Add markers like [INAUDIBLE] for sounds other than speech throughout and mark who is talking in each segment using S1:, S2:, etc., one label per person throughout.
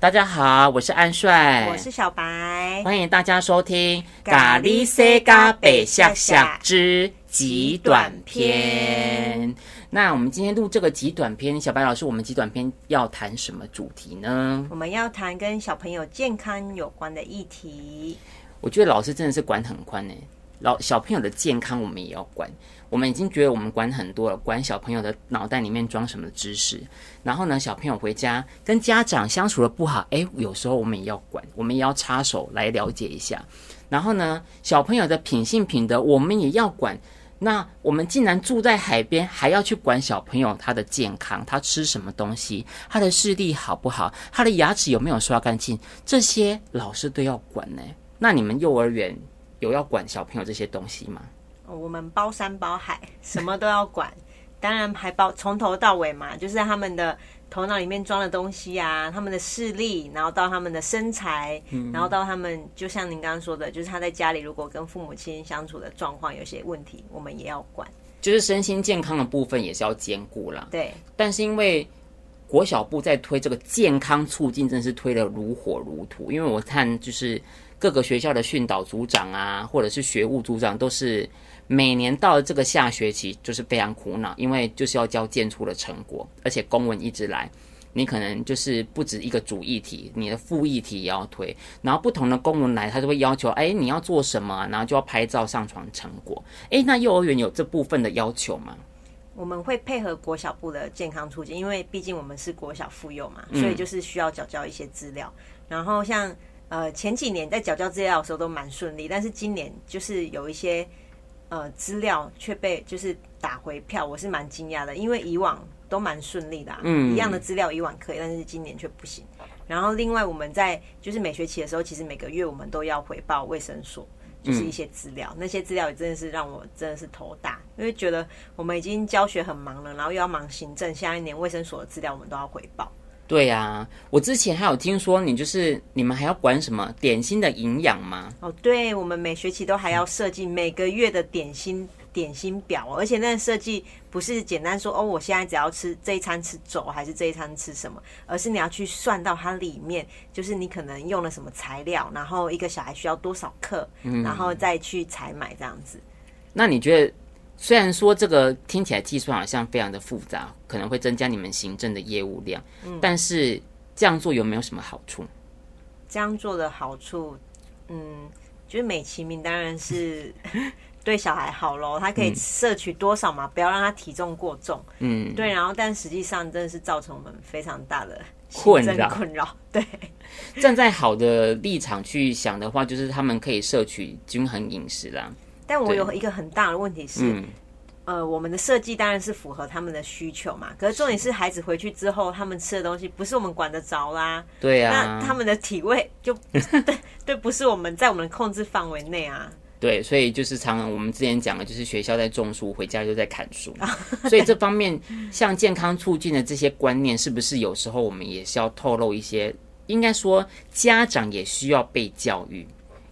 S1: 大家好，我是安帥，我是
S2: 小白，歡
S1: 迎大家收聽《咖喱西咖北下下之極短篇》。短那我們今天錄這個極短篇，小白老師，我們極短篇要談什麼主題呢？
S2: 我們要談跟小朋友健康有關的議題。
S1: 我覺得老師真的是管很寬呢、欸。老小朋友的健康我們也要管，我們已經覺得我們管很多了，管小朋友的腦袋裡面裝什麼知識，然後呢，小朋友回家跟家長相處的不好，哎，有時候我們也要管，我們也要插手來了解一下。然後呢，小朋友的品性品德我們也要管。那我們既然住在海邊，還要去管小朋友他的健康，他吃什麼東西，他的視力好不好，他的牙齒有沒有刷乾淨，這些老師都要管呢、欸？那你們幼兒園？有要管小朋友這些東西嗎？
S2: 哦？我們包山包海，什麼都要管， [LAUGHS] 當然還包從頭到尾嘛，就是在他們的頭腦裡面裝的東西啊，他們的視力，然後到他們的身材，嗯、然後到他們，就像您剛剛說的，就是他在家裡如果跟父母親相處的狀況有些問題，我們也要管，
S1: 就是身心健康的部分也是要兼顧了。對，但是因為國小部在推這個健康促進，真是推得如火如荼，因為我看就是。各個學校的訓導組長啊，或者是學務組長，都是每年到這個下學期就是非常苦惱，因為就是要交健促的成果，而且公文一直來，你可能就是不止一個主議題，你的副議題也要推，然後不同的公文來，他就會要求，哎，你要做什麼，然後就要拍照上傳成果。哎，那幼兒園有這部分的要求嗎？
S2: 我們會配合國小部的健康促進，因為畢竟我們是國小附幼嘛，嗯、所以就是需要繳交一些資料，然後像。呃，前幾年在繳交資料的時候都蠻順利，但是今年就是有一些呃資料卻被就是打回票，我是蠻驚訝的，因為以往都蠻順利的啊，嗯，一樣的資料以往可以，但是今年卻不行。然後另外我們在就是每學期的時候，其實每個月我們都要回報衛生所，
S1: 就是一些
S2: 資料，嗯，那些資料也真的是讓我真的是頭大，因為覺得我們已經教學很忙了，然後又要忙行政，下一年衛生所的資料我們都要回報。
S1: 對呀、啊，我之前還有聽說你就是你們還要管什麼點心的營養嗎？
S2: 哦，對，我們每學期都還要設計每個月的點心點心表，而且那設計不是簡單說哦，我現在只要吃這一餐吃走還是這一餐吃什麼，而是你要去算到它裡面，就是你可能用了什麼材料，然後一個小孩需要多少克，嗯、然後再去採買這樣子。
S1: 那你覺得？雖然說這個聽起來技術好像非常的複雜，可能會增加你們行政的業務量，嗯，但是這樣做有沒有什麼好處？
S2: 這樣做的好處，嗯，就是美其名當然是對小孩好嘍，他可以攝取多少嘛，嗯，不要讓他體重過重，嗯，對，然後但實際上真的是造成我們非常大的困擾，困擾的，對。站
S1: 在好的立場去想的話，就是他們可以攝取均衡飲食啦。
S2: 但我有一個很大的問題是，嗯、呃，我們的設計當然是符合他們的需求嘛。可是重點是，孩子回去之後，是他們吃的東西不是我們管得着啦。
S1: 對呀，啊，那他們
S2: 的體位就對 [LAUGHS] 對，對不是我們在我們的控制範圍內啊。
S1: 對，所以就是常常我們之前講的，就是學校在種樹，回家就在砍樹。
S2: [LAUGHS] 所以這方面，像健
S1: 康促進的這些觀念，是不是有時候我們也是要透露一些？應該說，家長也需要被教育。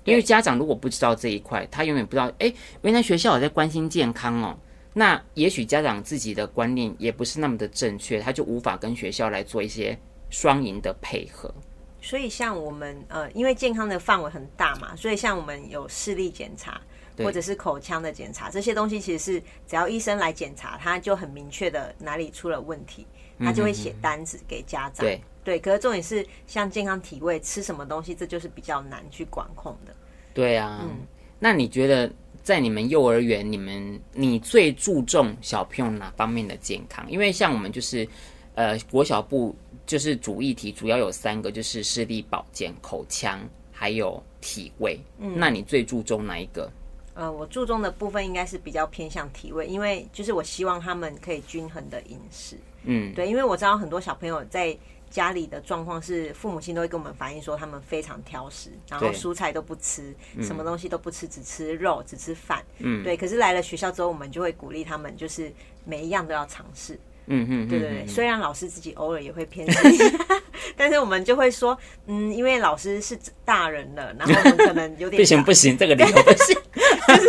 S1: 因為家長如果不知道這一塊，他永遠不知道，哎，原來學校也在關心健康哦。那也許家長自己的觀念也不是那麼的正確，他就無法跟學校來做一些雙贏的配合。
S2: 所以像我們，呃，因為健康的範圍很大嘛，所以像我們有視力檢查或者是口腔的檢查，對這些東西其實是只要醫生來檢查，他就很明確的哪裡出了問題，
S1: 他就會寫
S2: 單子給家長。嗯嗯對，對。可是重點是像健康體位吃什麼東西，這就是比較難去管控的。
S1: 對啊，嗯，那你覺得在你們幼兒園，你們你最注重小朋友哪方面的健康？因為像我們就是，呃，國小部就是主議題主要有三個，就是視力保健、口腔還有體位。嗯，那你最注重哪一個？
S2: 呃，我注重的部分應該是比較偏向體位，因為就是我希望他們可以均衡的飲食。嗯，對，因為我知道很多小朋友在家裡的狀況是，父母親都會跟我們反映說，他們非常挑食，然後蔬菜都不吃，嗯、什麼東西都不吃，只吃肉，只吃飯。嗯，對。可是來了學校之後，我們就會鼓勵他們，就是每一樣都要嘗試、嗯。
S1: 嗯嗯，對對對。嗯嗯、雖
S2: 然老師自己偶爾也會偏食， [LAUGHS] 但是我們就會說，嗯，因為老師是大人了，然後可能有點 [LAUGHS] 不行不行，這個理由不行。 [LAUGHS] 就是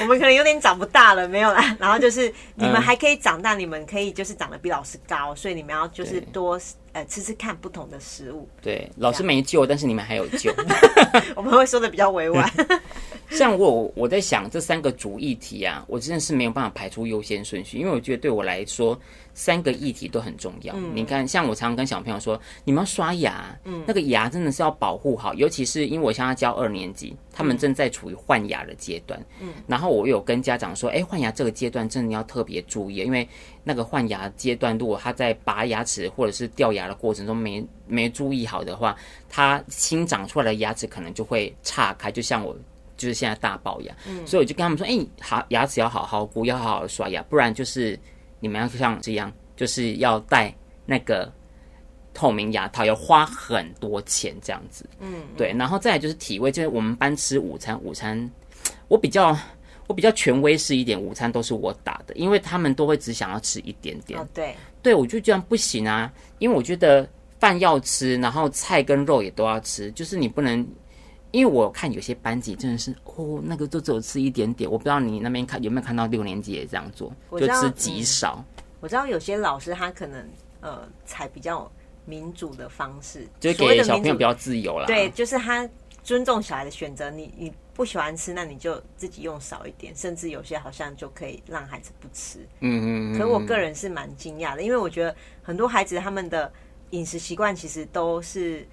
S2: 我們可能有點長不大了，沒有啦。然後就是你們還可以長大，嗯、你們可以就是長得比老師高，所以你們要就是多對呃吃吃看不同的食物。
S1: 對，老師沒救，樣但是你們還有救。
S2: [LAUGHS] 我們會說得比較委婉。
S1: [LAUGHS] [LAUGHS] 像我，我在想這三個主議題啊，我真的是沒有辦法排出優先順序，因為我覺得對我來說。三個議題都很重要。嗯、你看，像我常常跟小朋友說，你們要刷牙，嗯、那個牙真的是要保護好。尤其是因為我現在教二年級，他們正在處於換牙的階段。嗯，然後我有跟家長說，誒，換牙這個階段真的要特別注意，因為那個換牙階段，如果他在拔牙齒或者是掉牙的過程中沒沒注意好的話，他新長出來的牙齒可能就會岔開。就像我就是現在大齙牙，嗯、所以我就跟他們說，誒，好牙齒要好好顧，要好好刷牙，不然就是。你們要像這樣，就是要戴那個透明牙套，要花很多錢這樣子。
S2: 嗯，對，
S1: 然後再來就是體位。就是我們班吃午餐，午餐我比較我比較權威式一點，午餐都是我打的，因為他們都會只想要吃一點點。對，對我就這樣不行啊，因為我覺得飯要吃，然後菜跟肉也都要吃，就是你不能。因為我看有些班級真的是哦，那個就只有吃一點點，我不知道你那邊看有沒有看到六年級也這樣做，就吃極少。我知，
S2: 嗯、我知道有些老師他可能呃，採比較民主的方式，就是給小朋友比較自由啦。對，就是他尊重小孩的選擇，你你不喜歡吃，那你就自己用少一點，甚至有些好像就可以讓孩子不吃。嗯嗯，嗯嗯。可我個人是蠻驚訝的，因為我覺得很多孩子他們的飲食習慣其實都是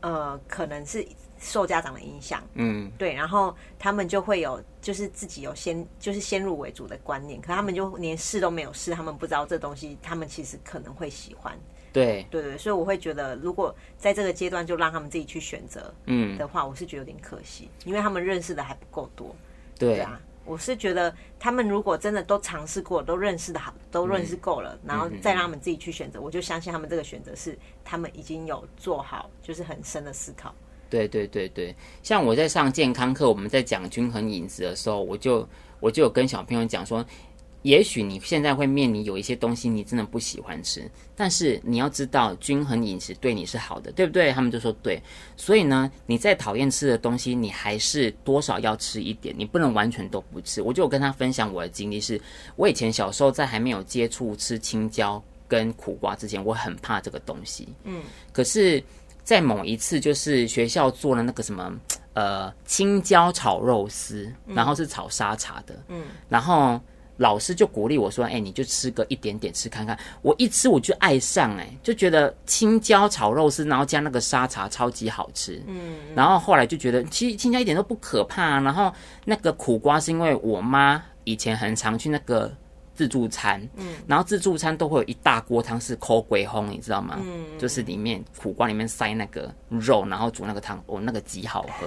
S2: 呃，可能是。受家長的影響，嗯，對，然後他們就會有，就是自己有先，就是先入為主的觀念，可他們就連試都沒有試，他們不知道這東西，他們其實可能會喜歡，對，對，對對，所以我會覺得，如果在這個階段就讓他們自己去選擇，嗯，的話，嗯、我是覺得有點可惜，因為他們認識的還不夠多，對，對啊，我是覺得他們如果真的都嘗試過，都認識的好，都認識夠了，嗯、然後再讓他們自己去選擇，嗯、我就相信他們這個選擇是他們已經有做好，就是很深的思考。
S1: 對對對對，像我在上健康課，我們在講均衡飲食的時候，我就我就有跟小朋友講說，也許你現在會面臨有一些東西你真的不喜歡吃，但是你要知道均衡飲食對你是好的，對不對？他們就說對，所以呢，你再討厭吃的東西，你還是多少要吃一點，你不能完全都不吃。我就有跟他分享我的經歷，是我以前小時候在還沒有接觸吃青椒跟苦瓜之前，我很怕這個東西，嗯，可是。在某一次，就是學校做了那個什麼，呃，青椒炒肉絲，嗯、然後是炒沙茶的，嗯，然後老師就鼓勵我說：“哎，你就吃個一點點，吃看看。”我一吃我就愛上、欸，哎，就覺得青椒炒肉絲，然後加那個沙茶，超級好吃，嗯。然後後來就覺得，其實青椒一點都不可怕、啊。然後那個苦瓜是因為我媽以前很常去那個。自助餐，嗯，然後自助餐都會有一大鍋湯是苦鬼烘，你知道嗎？嗯、就是裡面苦瓜裡面塞那個肉，然後煮那個湯，哦，那個極好喝，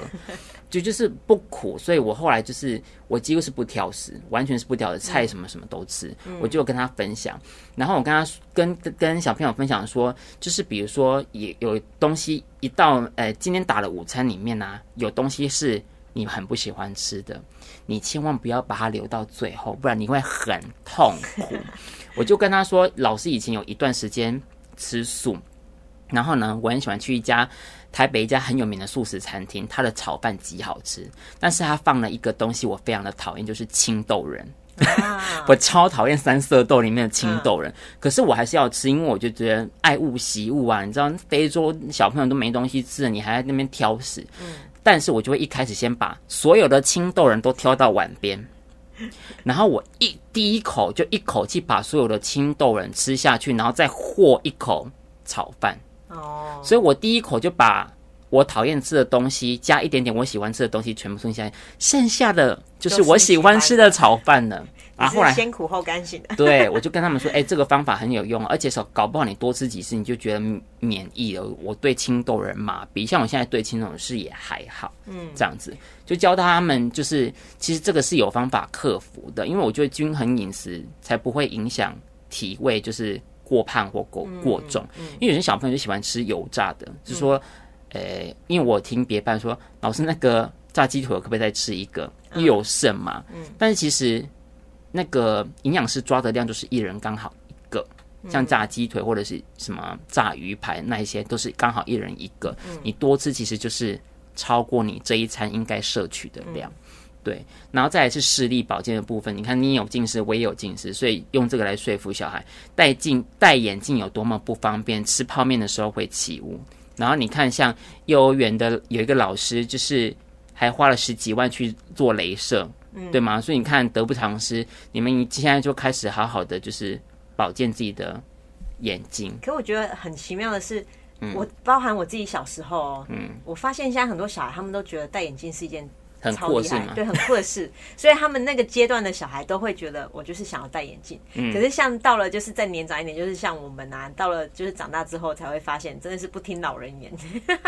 S1: 就就是不苦，所以我後來就是我幾乎是不挑食，完全是不挑的菜，什麼什麼都吃。嗯、我就有跟他分享，然後我跟他跟跟小朋友分享說，就是比如說也有東西一到，呃，今天打的午餐裡面呢、啊，有東西是。你很不喜歡吃的，你千萬不要把它留到最後，不然你會很痛苦。 [LAUGHS] 我就跟他說，老師以前有一段時間吃素，然後呢，我很喜歡去一家台北一家很有名的素食餐廳，它的炒飯極好吃，但是他放了一個東西我非常的討厭，就是青豆仁， [LAUGHS] 啊、我超討厭三色豆裡面的青豆仁。啊、可是我還是要吃，因為我就覺得愛物惜物啊，你知道非洲小朋友都沒東西吃，你還在那邊挑食。嗯但是我就會一開始先把所有的青豆仁都挑到碗邊，然後我一第一口就一口氣把所有的青豆仁吃下去，然後再和一口炒飯。哦
S2: ，oh. 所
S1: 以我第一口就把我討厭吃的東西加一點點我喜歡吃的東西全部吞下來，剩下的就是我喜歡吃的炒飯了。啊，後來先苦後
S2: 甘心的，對，
S1: 我就跟他們說，哎、欸，這個方法很有用， [LAUGHS] 而且說搞不好你多吃幾次，你就覺得免疫了。我對青豆人嘛比，像我現在對青豆人事也還好。嗯，這樣子就教他們，就是其實這個是有方法克服的，因為我覺得均衡飲食才不會影響體位，就是過胖或過、過重。嗯嗯、因為有些小朋友就喜歡吃油炸的，就說，呃、嗯欸，因為我聽別班說，老師那個炸雞腿我可不可以再吃一個？又有剩嘛、嗯？嗯，但是其實。那個營養師抓的量就是一人剛好一個，像炸雞腿或者是什麼炸魚排那一些都是剛好一人一個。你多吃其實就是超過你這一餐應該攝取的量，對。然後再來是視力保健的部分，你看你有近視，我也有近視，所以用這個來說服小孩戴鏡戴眼鏡有多麼不方便。吃泡麵的時候會起霧，然後你看像幼兒園的有一個老師，就是還花了十幾萬去做雷射。嗯、對嗎？所以你看，得不償失。你們現在就開始好好的，就是保健自己的眼睛。
S2: 可我覺得很奇妙的是，嗯、我包含我自己小時候、哦，嗯，我發現現在很多小孩他們都覺得戴眼鏡是一件。
S1: 很厲害嗎？對，很
S2: 過時， [LAUGHS] 所以他們那個階段的小孩都會覺得我就是想要戴眼鏡。嗯，可是像到了就是再年長一點，就是像我們啊，到了就是長大之後才會發現，真的是不聽老人言。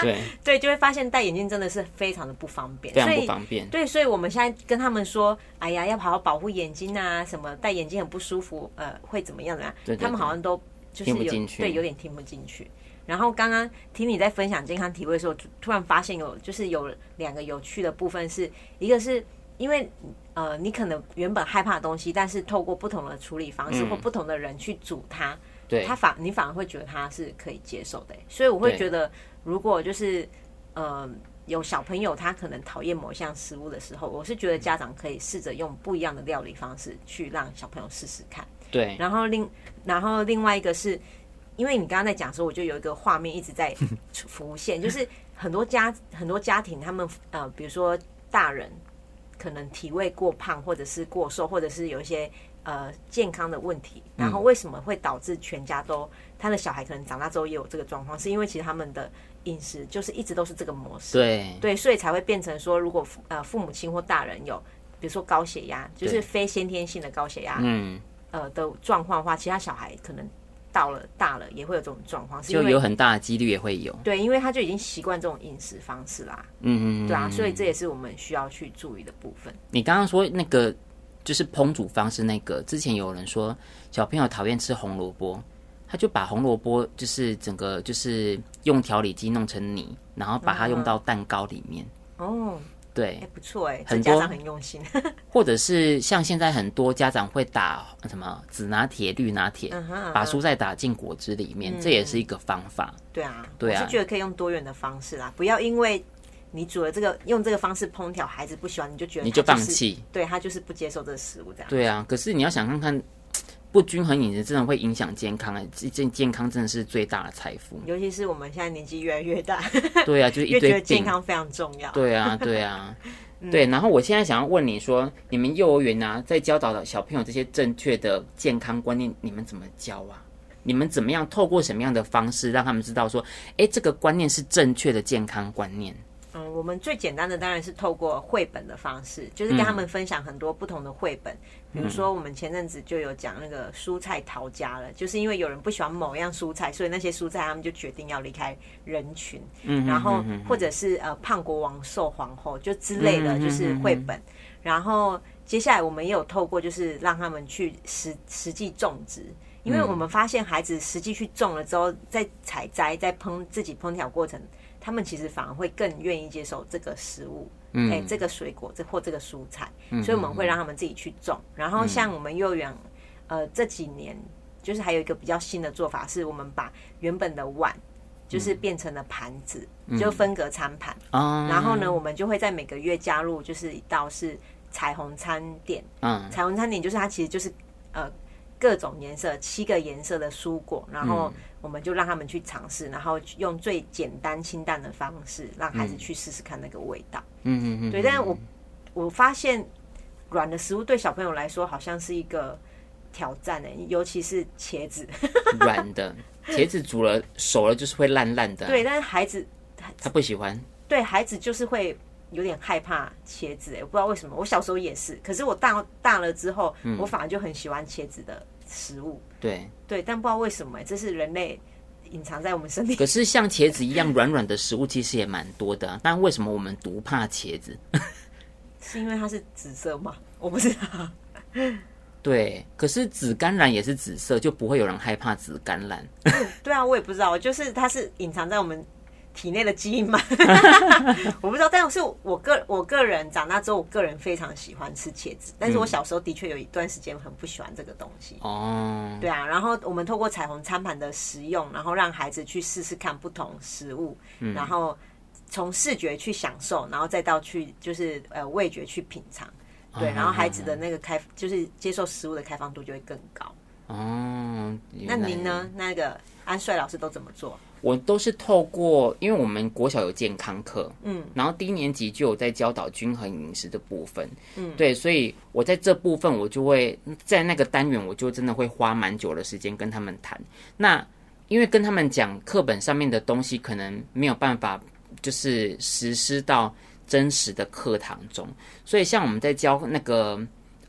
S2: 對， [LAUGHS] 對。就會發現戴眼鏡真的是非常的不方便，非常不方便。對，所以我們現在跟他們說，哎呀，要好好保護眼睛啊，什麼戴眼鏡很不舒服，呃，會怎麼樣啊？對對對，對他們好像都就是有對，有點聽不進去。然後剛剛聽你在分享健康體會的時候，突然發現有就是有兩個有趣的部分是，是一個是因為呃你可能原本害怕的東西，但是透過不同的處理方式或不同的人去煮它，嗯、對它反你反而會覺得它是可以接受的，所以我會覺得如果就是對呃有小朋友他可能討厭某項食物的時候，我是覺得家長可以試着用不一樣的料理方式去讓小朋友試試看，對，然後另然後另外一個是。因為你剛剛在講的時候，我就有一個畫面一直在浮現，就是很多家很多家庭，他們呃，比如說大人可能體位過胖，或者是過瘦，或者是有一些呃健康的問題，然後為什麼會導致全家都他的小孩可能長大之後也有這個狀況？是因為其實他們的飲食就是一直都是這個模
S1: 式，對對，
S2: 所以才會變成說，如果呃父母親或大人有比如說高血壓，就是非先天性的高血壓，嗯對呃的狀況的話，其他小孩可能。到了大了，也會有這種狀況，就有很
S1: 大的幾率也會有。
S2: 對，因為他就已經習慣這種飲食方式啦。嗯嗯，嗯嗯，對啊，所以這也是我們需要去注意的部分。
S1: 你剛剛說那個就是烹煮方式，那個之前有人說小朋友討厭吃紅蘿蔔，他就把紅蘿蔔就是整個就是用調理機弄成泥，然後把它用到蛋糕裡面。嗯啊、哦。對，不
S2: 錯哎！很、家長很用心。
S1: 或者是像現在很多家長會打什麼紫拿鐵、綠拿鐵，把蔬菜打進果汁裡面，嗯、這也是一個方法。
S2: 對啊，對啊，就是覺得可以用多元的方式啦，不要因為你煮了這個，用這個方式烹調，孩子不喜歡，你就覺得他、就是、你就放棄。對他就是不接受這個食物這
S1: 樣。對啊，可是你要想看看。不均衡飲食真的會影響健康啊！健健康真的是最大的財富。尤
S2: 其是我們現在年紀越來越大，對啊，就是、一堆越覺對健康非常重要。對啊，對啊，嗯、對。
S1: 然後我現在想要問你說，你們幼兒園呢、啊，在教導的小朋友這些正確的健康觀念，你們怎麼教啊？你們怎麼樣透過什麼樣的方式讓他們知道說，哎，這個觀念是正確的健康觀念？
S2: 我們最簡單的當然是透過繪本的方式，就是跟他們分享很多不同的繪本。
S1: 嗯，比如說，我
S2: 們前陣子就有講那個蔬菜逃家了，就是因為有人不喜歡某樣蔬菜，所以那些蔬菜他們就決定要離開人群。嗯，然後或者是呃胖國王瘦皇後就之類的就是繪本。嗯，然後接下來我們也有透過就是讓他們去實實際種植，因為我們發現孩子實際去種了之後，在採摘、在烹自己烹調過程。他們其實反而會更願意接受這個食物，
S1: 哎、嗯欸，這個
S2: 水果，這或這個蔬菜，嗯、所以我們會讓他們自己去種。嗯、然後像我們幼兒園，呃，這幾年就是還有一個比較新的做法，是我們把原本的碗就是變成了盤子，嗯、就分隔餐盤。啊、嗯，然後呢，我們就會在每個月加入，就是一道是彩虹餐點。嗯、彩虹餐點就是它其實就是呃。各種顏色，七個顏色的蔬果，然後我們就讓他們去嘗試，嗯、然後用最簡單清淡的方式，讓孩子去試試看那個味道。嗯嗯嗯。對，嗯、但是我、嗯、我發現軟的食物對小朋友來說好像是一個挑戰呢、欸，尤其是茄子。
S1: 軟的茄子煮了 [LAUGHS] 熟了就是會爛爛的。對，但是孩子他他不喜歡。
S2: 對孩子就是會。有點害怕茄子、欸，哎，我不知道為什麼。我小時候也是，可是我大大了之後，嗯、我反而就很喜歡茄子的食物。對，對，但不知道為什麼、欸，這是人類隱藏在我們身體。可
S1: 是像茄子一樣軟軟的食物，其實也蠻多的， [LAUGHS] 但為什麼我們獨怕茄子？
S2: 是因為它是紫色嗎？我不知道。
S1: 對，可是紫甘藍也是紫色，就不會有人害怕紫甘藍、嗯。
S2: 對啊，我也不知道，就是它是隱藏在我們，體內的基因嘛， [LAUGHS] [LAUGHS] [LAUGHS] 我不知道。但是，我個我個人長大之後，我個人非常喜歡吃茄子。嗯、但是我小時候的確有一段時間很不喜歡這個東西。哦，對啊。然後我們透過彩虹餐盤的食用，然後讓孩子去試試看不同食物，嗯、然後從視覺去享受，然後再到去就是呃味覺去品嘗。
S1: 對，哦、然後孩子
S2: 的那個開就是接受食物的開放度就會更高。
S1: 嗯、哦，那您呢？
S2: 那個安帥老師都怎麼做？
S1: 我都是透過，因為我們國小有健康課，嗯，然後低年級就有在教導均衡飲食的部分，嗯，對，所以我在這部分，我就會在那個單元，我就真的會花蠻久的時間跟他們談。那因為跟他們講課本上面的東西，可能沒有辦法就是實施到真實的課堂中，所以像我們在教那個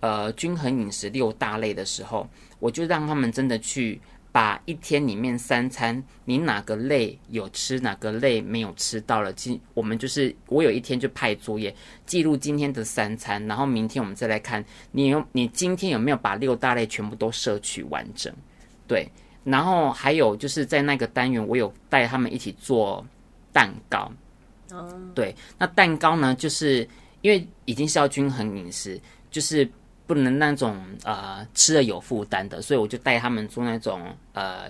S1: 呃均衡飲食六大類的時候，我就讓他們真的去。把一天裡面三餐，你哪個類有吃，哪個類沒有吃到了。今我們就是，我有一天就派作業記錄今天的三餐，然後明天我們再來看你有你今天有沒有把六大類全部都攝取完整。對，然後還有就是在那個單元，我有帶他們一起做蛋糕。
S2: 對，
S1: 那蛋糕呢，就是因為已經是要均衡飲食，就是。不能那種呃吃了有負擔的，所以我就帶他們做那種呃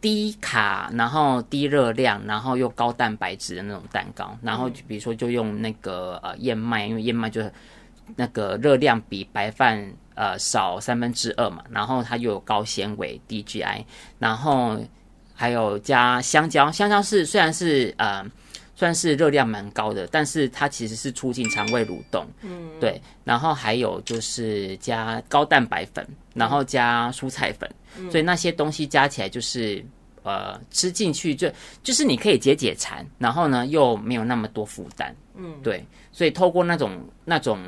S1: 低卡，然後低熱量，然後又高蛋白質的那種蛋糕。然後就比如說，就用那個呃燕麥，因為燕麥就是那個熱量比白飯呃少三分之二嘛，然後它又有高纖維低 GI，然後還有加香蕉。香蕉是雖然是呃。算是熱量蠻高的，但是它其實是促進腸胃蠕動，嗯，對。然後還有就是加高蛋白粉，然後加蔬菜粉，嗯、所以那些東西加起來就是，呃，吃進去就就是你可以解解饞，然後呢又沒有那麼多負擔，嗯，對。所以透過那種那種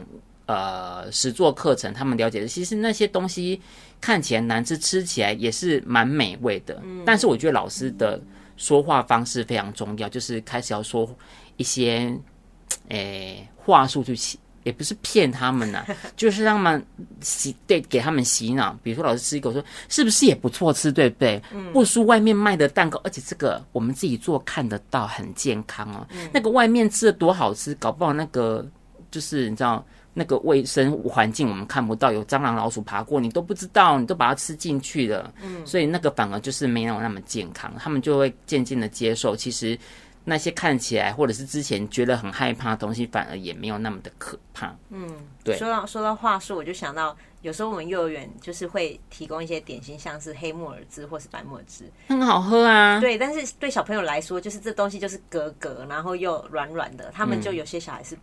S1: 呃實作課程，他們了解的其實那些東西看起來難吃，吃起來也是蠻美味的。嗯、但是我覺得老師的。嗯說話方式非常重要，就是開始要說一些，誒，話術去洗，也不是騙他們吶，就是讓他們洗，對，給他們洗腦。比如說，老師吃一口，說是不是也不錯吃，對不對？不輸外面賣的蛋糕，而且這個我們自己做，看得到，很健康哦。嗯。那個外面吃的多好吃，搞不好那個就是你知道。那個衛生環境我們看不到，有蟑螂老鼠爬過，你都不知道，你都把它吃進去了，嗯，所以那個反而就是沒有那麼健康。他們就會漸漸的接受，其實那些看起來或者是之前覺得很害怕的東西，反而也沒有那麼的可怕。嗯，
S2: 對。說到說到話說，我就想到有時候我們幼兒園就是會提供一些點心，像是黑木耳汁或是白木耳汁，
S1: 很好喝啊。
S2: 對，但是對小朋友來說，就是這東西就是格格，然後又軟軟的，他們就有些小孩是。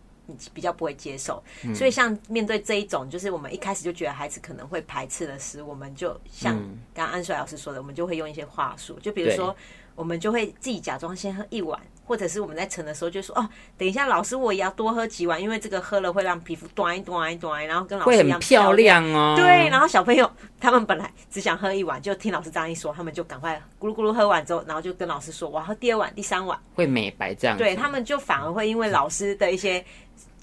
S2: 比較不會接受，
S1: 嗯、所以像
S2: 面對這一種，就是我們一開始就覺得孩子可能會排斥的時，我們就像剛安帥老師說的，嗯、我們就會用一些話術，就比如說對我們就會自己假裝先喝一碗，或者是我們在盛的時候就說哦，等一下老師我也要多喝幾碗，因為這個喝了會讓皮膚端一端一端，然後跟老師一樣漂
S1: 亮，會很漂亮哦，對，然後
S2: 小朋友他們本來只想喝一碗，就聽老師這樣一說，他們就趕快咕嚕咕嚕喝完之後，然後就跟老師說哇，我要喝第二碗、第三碗
S1: 會美白這樣，對他
S2: 們就反而會因為老師的一些。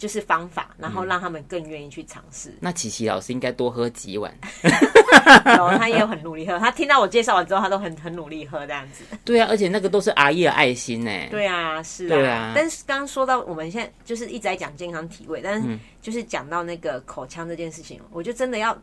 S2: 就是方法，然後讓他們更願意去嘗試、嗯。那
S1: 琪琪老師應該多喝幾碗。
S2: [LAUGHS] [LAUGHS] 他也有很努力喝，他聽到我介紹完之後，他都很很努力喝這樣子。
S1: 對啊，而且那個都是阿姨的愛心呢、欸。
S2: 對啊，是啊。啊但是剛剛說到我們現在就是一直在講健康體位，但是就是講到那個口腔這件事情，嗯、我就真的要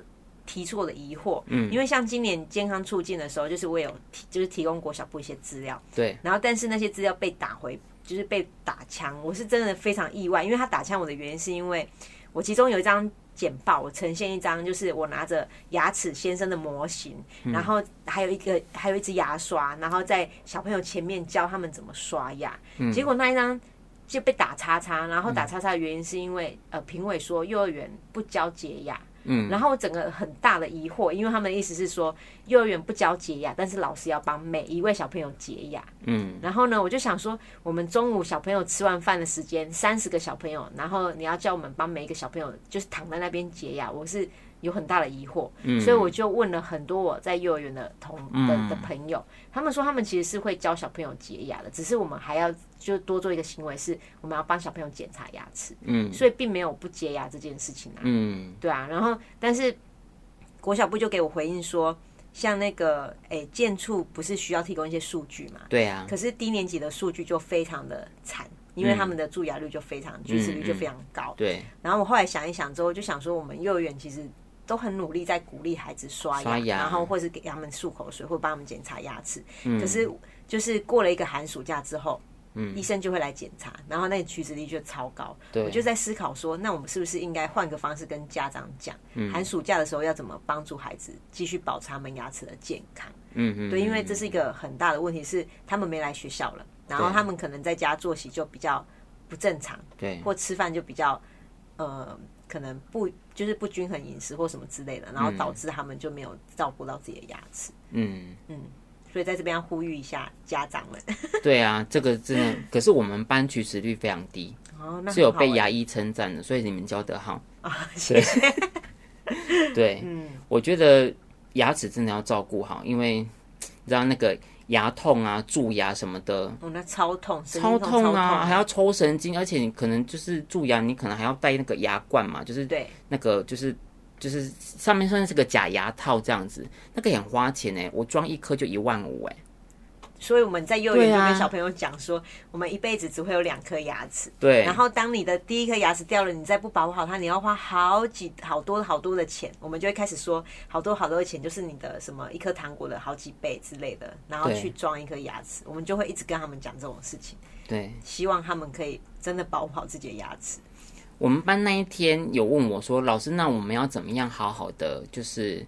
S2: 提出我的疑惑。嗯。因為像今年健康促進的時候，就是我有提就是提供國小部一些資料。對。然後，但是那些資料被打回。就是被打槍，我是真的非常意外，因為他打槍我的原因是因為我其中有一張簡報，我呈現一張就是我拿着牙齒先生的模型，嗯、然後還有一個還有一只牙刷，然後在小朋友前面教他們怎麼刷牙，嗯、結果那一張就被打叉叉，然後打叉叉的原因是因為、嗯、呃評委說幼兒園不教潔牙，嗯，然後我整個很大的疑惑，因為他們的意思是說。幼兒園不教潔牙，但是老師要幫每一位小朋友潔牙。嗯，然後呢，我就想說，我們中午小朋友吃完飯的時間，三十個小朋友，然後你要叫我們幫每一個小朋友就是躺在那邊潔牙，我是有很大的疑惑。嗯，所以我就問了很多我在幼兒園的同的的朋友，嗯，他們說他們其實是會教小朋友潔牙的，只是我們還要就多做一個行為是，是我們要幫小朋友檢查牙齒。嗯，所以並沒有不潔牙這件事情啊。嗯，對啊。然後，但是國小部就給我回應說。像那個誒、欸，健促不是需要提供一些數據嘛？對呀、啊。可是低年級的數據就非常的慘，因為他們的蛀牙率就非常，齲齒、嗯、率就非常高。嗯嗯、對。然後我後來想一想之後，就想說我們幼兒園其實都很努力在鼓勵孩子刷牙，刷牙然後或是給他們漱口水，或幫他們檢查牙齒。嗯、可是就是過了一個寒暑假之後。嗯、醫生就會來檢查，然後那齲齒率就超高。對我就在思考說，那我們是不是應該換個方式跟家長講，嗯、寒暑假的時候要怎麼幫助孩子繼續保持他們牙齒的健康？嗯嗯哼。對，因為這是一個很大的問題，是他們沒來學校了，然後他們可能在家作息就比較不正常，對，或吃飯就比較呃，可能不就是不均衡飲食或什麼之類的，然後導致他們就沒有照顧到自己的牙齒。嗯嗯。嗯所以在這邊要呼籲一下家長們。
S1: 對啊，這個真的，可是我們班齲齒率非常低哦，那欸、是有被牙醫稱讚的。所以你們教得好啊，謝謝、哦。是對，嗯，我覺得牙齒真的要照顧好，因為你知道那個牙痛啊、蛀牙什麼的，我、哦、
S2: 那超痛，超痛，啊、超痛啊，
S1: 還要抽神經，而且你可能就是蛀牙，你可能還要戴那個牙冠嘛，就是對，那個就是。就是上面算是個假牙套這樣子，那個很花錢呢、欸？我裝一顆就一萬五哎、
S2: 欸。所以我們在幼兒園就跟小朋友講說，啊、我們一輩子只會有兩顆牙齒。對。然後當你的第一顆牙齒掉了，你再不保護好它，你要花好幾好多好多的錢。我們就會開始說好多好多的錢，就是你的什麼一顆糖果的好幾倍之類的，然後去裝一顆牙齒。我們就會一直跟他們講這種事情。對。希望他們可以真的保護好自己的牙齒。
S1: 我們班那一天有問我說：“老師，那我們要怎麼樣好好的就是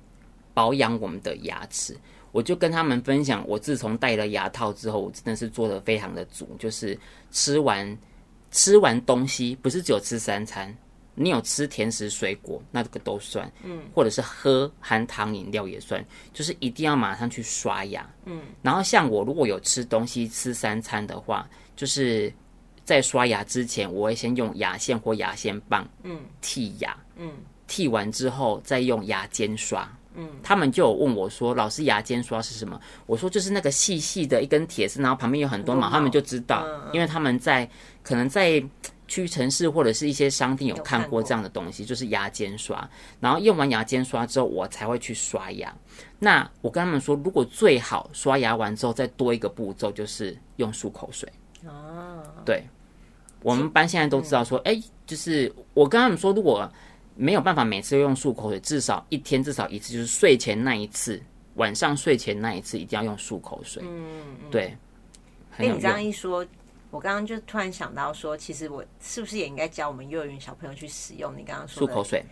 S1: 保養我們的牙齒？”我就跟他們分享，我自從戴了牙套之後，我真的是做得非常的足，就是吃完吃完東西，不是只有吃三餐，你有吃甜食、水果，那個都算，嗯，或者是喝含糖飲料也算，就是一定要馬上去刷牙，嗯，然後像我如果有吃東西吃三餐的話，就是。在刷牙之前，我會先用牙線或牙線棒，嗯，剔牙，嗯，剔完之後再用牙尖刷，嗯，他們就有問我說：“老師，牙尖刷是什麼？”我說：“就是那個細細的一根鐵絲，然後旁邊有很多毛”，他們就知道，因為他們在可能在屈臣氏或者是一些商店有看過這樣的東西，就是牙尖刷。然後用完牙尖刷之後，我才會去刷牙。那我跟他們說，如果最好刷牙完之後再多一個步驟，就是用漱口水。哦，對。我們班現在都知道說，哎、欸，就是我跟他們說，如果沒有辦法每次都用漱口水，至少一天至少一次，就是睡前那一次，晚上睡前那一次一定要用漱口水。嗯嗯，嗯對。
S2: 哎、欸，你這樣一說，我剛剛就突然想到說，其實我是不是也應該教我們幼兒園小朋友，去使用你剛剛說的漱口水？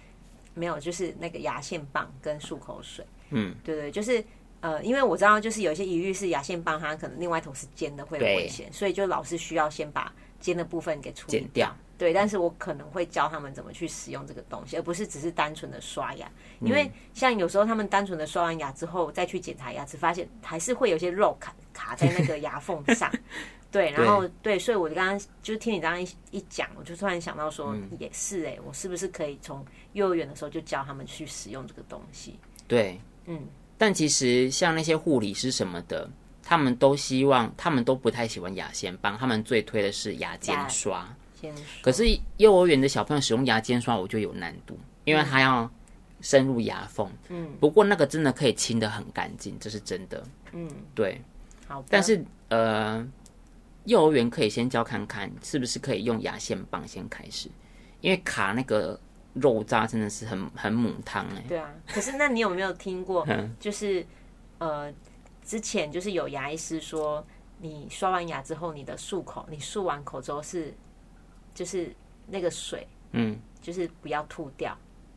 S2: 沒有，就是那個牙線棒跟漱口水。嗯，對，對對，就是呃，因為我知道就是有些疑慮是牙線棒它可能另外一頭是尖的會，會很危險，所以就老師需要先把尖的部分給處理剪掉，對，但是我可能會教他們怎麼去使用這個東西，而不是只是單純的刷牙，因為像有時候他們單純的刷完牙之後、嗯、再去檢查牙齒，只發現還是會有些肉卡卡在那個牙縫上， [LAUGHS] 對，然後對，對，所以我就剛剛就聽你剛剛一一講，我就突然想到說，嗯、也是哎、欸，我是不是可以從幼兒園的時候就教他們去使用這個東西？
S1: 對，嗯，但其實像那些護理師什麼的。他們都希望，他們都不太喜歡牙線棒，他們最推的是牙尖刷。可是幼兒園的小朋友使用牙尖刷，我覺得有難度，嗯、因為他要深入牙縫。嗯。不過那個真的可以清得很乾淨，這是真的。嗯。對。好的。但是呃，幼兒園可以先教看看，是不是可以用牙線棒先開始，因為卡那個肉渣真的是很很母湯哎、欸。
S2: 對啊。可是那你有沒有聽過， [LAUGHS] 就是呃？之前就是有牙醫師說，你刷完牙之後，你的漱口，你漱完口之後是，就是那個水，
S1: 嗯，
S2: 就是不要吐掉，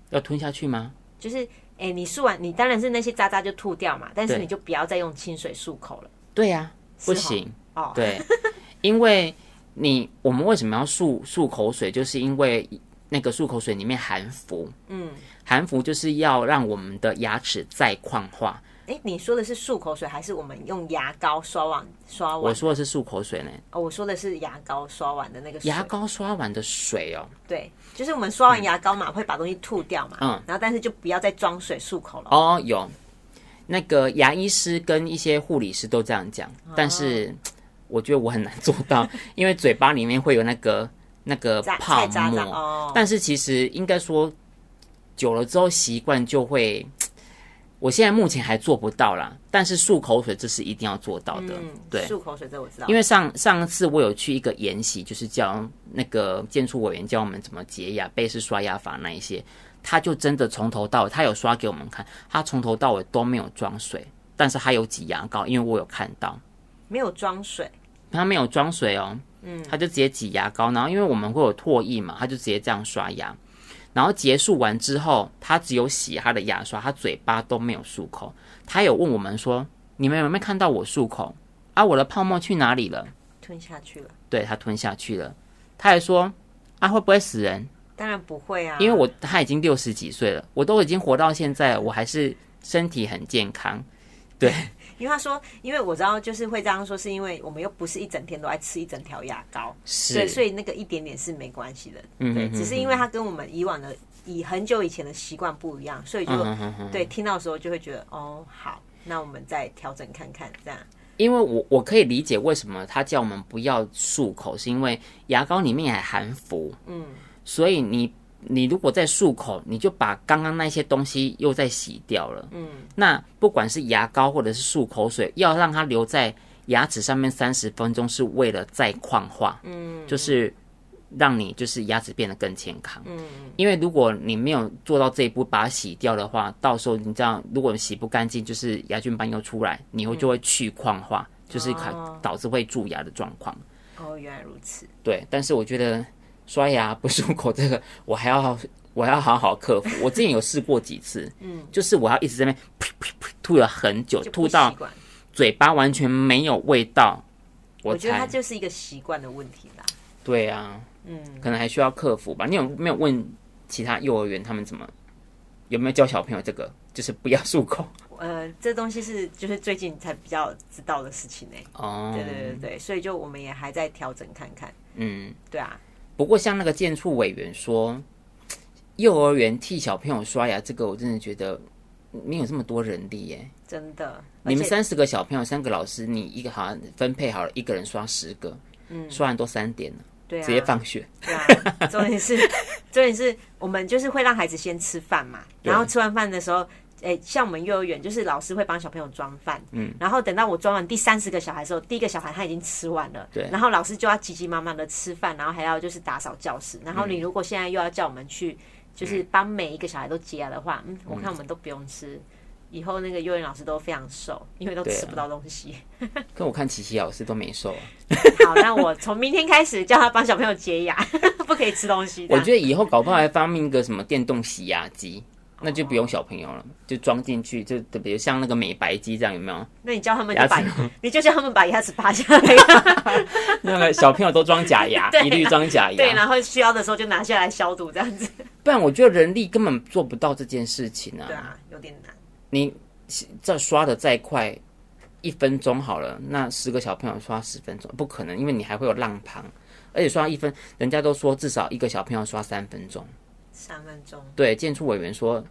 S1: 要吞下去嗎？
S2: 就是，哎、欸，你漱完，你當然是那些渣渣就吐掉嘛，但是你就不要再用清水漱口了。對呀，是嗎？不
S1: 行，哦、對， [LAUGHS] 因為你我們為什麼要漱漱口水？就是因為那個漱口水裡面含氟，嗯，含氟就是要讓我們的牙齒再礦化。
S2: 哎，你說的是漱口水，還是我們用牙膏刷完刷完？我說
S1: 的是漱口水呢。哦，
S2: 我說的是牙膏刷完的那個水。牙
S1: 膏刷完的水哦。
S2: 對，就是我們刷完牙膏嘛，嗯、會把東西吐掉嘛。嗯，然後但是就不要再裝水漱口
S1: 了哦。哦，有那個牙醫師跟一些護理師都這樣講，哦、但是我覺得我很難做到， [LAUGHS] 因為嘴巴裡面會有那個那個泡沫。喳喳哦、但是其實應該說，久了之後習慣就會。我現在目前還做不到啦，但是漱口水這是一定要做到的。嗯，對，漱口水這我知道。因為上上次我有去一個研習，就是叫那個健促委員教我們怎麼潔牙、貝氏刷牙法那一些，他就真的從頭到尾，他有刷給我們看，他從頭到尾都沒有裝水，但是他有擠牙膏，因為我有看到，
S2: 沒有裝水，
S1: 他沒有裝水哦，嗯，他就直接擠牙膏，嗯、然後因為我們會有唾液嘛，他就直接這樣刷牙。然後結束完之後，他只有洗他的牙刷，他嘴巴都沒有漱口。他有問我們說：“你們有沒有看到我漱口？啊，我的泡沫去哪裡了？
S2: 吞下去了。
S1: 對”對他吞下去了。他還說：“啊，會不會死人？
S2: 當然不會啊，因為
S1: 我他已經六十幾歲了，我都已經活到現在了，我還是身體很健康。”
S2: 對。因為他說，因為我知道，就是會這樣說，是因為我們又不是一整天都愛吃一整條牙膏，是，所，所以那個一點點是沒關係的，嗯哼
S1: 哼，對，只是因為它
S2: 跟我們以往的以很久以前的習慣不一樣，所以就、嗯、哼哼對聽到的時候就會覺得、嗯、哼哼哦，好，那我們再調整看看這樣。
S1: 因為我我可以理解為什麼他叫我們不要漱口，是因為牙膏裡面也含氟，嗯，所以你。你如果在漱口，你就把剛剛那些東西又再洗掉了。嗯，那不管是牙膏或者是漱口水，要讓它留在牙齒上面三十分鐘，是為了再礦化。嗯，就是讓你就是牙齒變得更健康。嗯，因為如果你沒有做到這一步把它洗掉的話，嗯、到時候你知道如果你洗不乾淨，就是牙菌斑又出來，你會就會去礦化，嗯哦、就是導致會蛀牙的狀況。
S2: 哦，原來如此。
S1: 對，但是我覺得。刷牙不漱口，這個我還要我還要好好克服。我之前有試過幾次， [LAUGHS] 嗯，就是我要一直在那邊吐，吐了很久，吐到嘴巴完全沒有味道。啊、我覺得它就
S2: 是一個習慣的問題吧？
S1: 對啊，嗯，可能還需要克服吧。你有沒有問其他幼兒園他們怎麼有沒有教小朋友這個？就是不要漱口。呃，
S2: 這東西是就是最近才比較知道的事情呢。哦，對對對對，對，所以就我們也還在調整看看。嗯，對啊。嗯
S1: 不過，像那個健促委員說，幼兒園替小朋友刷牙，這個我真的覺得沒有這麼多人力耶、欸。
S2: 真的，你們三十
S1: 個小朋友，三個老師，你一個好像分配好了，一個人刷十個，嗯、刷完都三點了，對、啊，直接放學。
S2: 對啊，重點是 [LAUGHS] 重點是我們就是會讓孩子先吃飯嘛，對然後吃完飯的時候。哎、欸，像我們幼兒園就是老師會幫小朋友裝飯，嗯，然後等到我裝完第三十個小孩的時候，第一個小孩他已經吃完了，對，然後老師就要急急忙忙的吃飯，然後還要就是打掃教室。然後你如果現在又要叫我們去，就是幫每一個小孩都潔牙的話，嗯，嗯，我看我們都不用吃，以後那個幼兒園老師都非常瘦，因為都吃不到東西。
S1: 啊、 [LAUGHS] 可我看琪琪老師都沒瘦啊。
S2: [LAUGHS] 好，那我從明天開始叫他幫小朋友潔牙， [LAUGHS] 不可以吃東西的。我覺
S1: 得以後搞不好還發明一個什麼電動洗牙機。那就不用小朋友了，oh. 就裝進去，就比如像那個美白機這樣，有沒有？
S2: 那你叫他們就把，牙你就叫他們把牙齒拔下
S1: 來。 [LAUGHS] [LAUGHS] 那個小朋友都裝假牙，對一律裝假牙。對，然
S2: 後需要的時候就拿下來消毒這
S1: 樣子。不然我覺得人力根本做不到這件事情啊。
S2: 對啊，
S1: 有點難。你這刷的再快，一分鐘好了，那十個小朋友刷十分鐘不可能，因為你還會有浪旁，而且刷一分，人家都說至少一個小朋友刷三分鐘。
S2: 三分鐘，對，
S1: 健促委員說，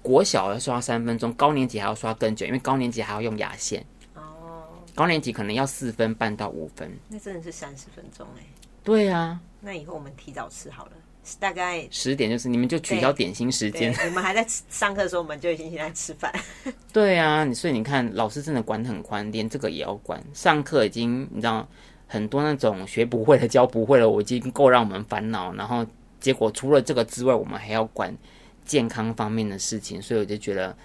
S1: 國小要刷三分鐘，高年級還要刷更久，因為高年級還要用牙線。哦，高年級可能要四分半到五分。那真的是三十分鐘哎。
S2: 對啊。那以後我們提早吃好了，大概十點就是，你們就取消點心時間。我們還在上課的時候，我們就已經在吃飯。
S1: [LAUGHS] 對啊，所以你看，老師真的管很寬，連這個也要管。上課已經，你知道，很多那種學不會的、教不會的，我已經夠讓我們煩惱，然後。結果除了這個之外，我們還要管健康方面的事情，所以我就覺得，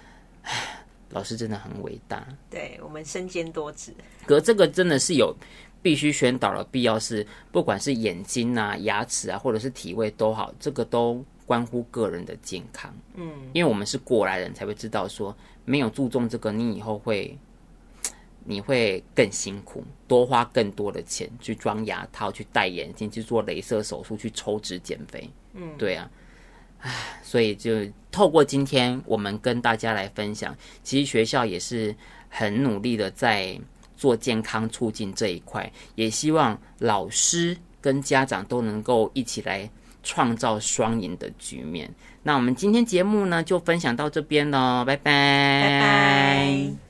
S1: 老師真的很偉大。
S2: 對我們身兼多職，
S1: 可這個真的是有必須宣導的必要是，是不管是眼睛啊、牙齒啊，或者是體位都好，這個都關乎個人的健康。嗯，因為我們是過來人才會知道說，說沒有注重這個，你以後會。你會更辛苦，多花更多的錢去裝牙套，去戴眼鏡，去做雷射手術，去抽脂減肥。嗯，對啊，唉，所以就透過今天我們跟大家來分享，其實學校也是很努力的在做健康促進這一塊，也希望老師跟家長都能夠一起來創造雙贏的局面。那我們今天節目呢就分享到這邊嘍，拜拜，拜拜。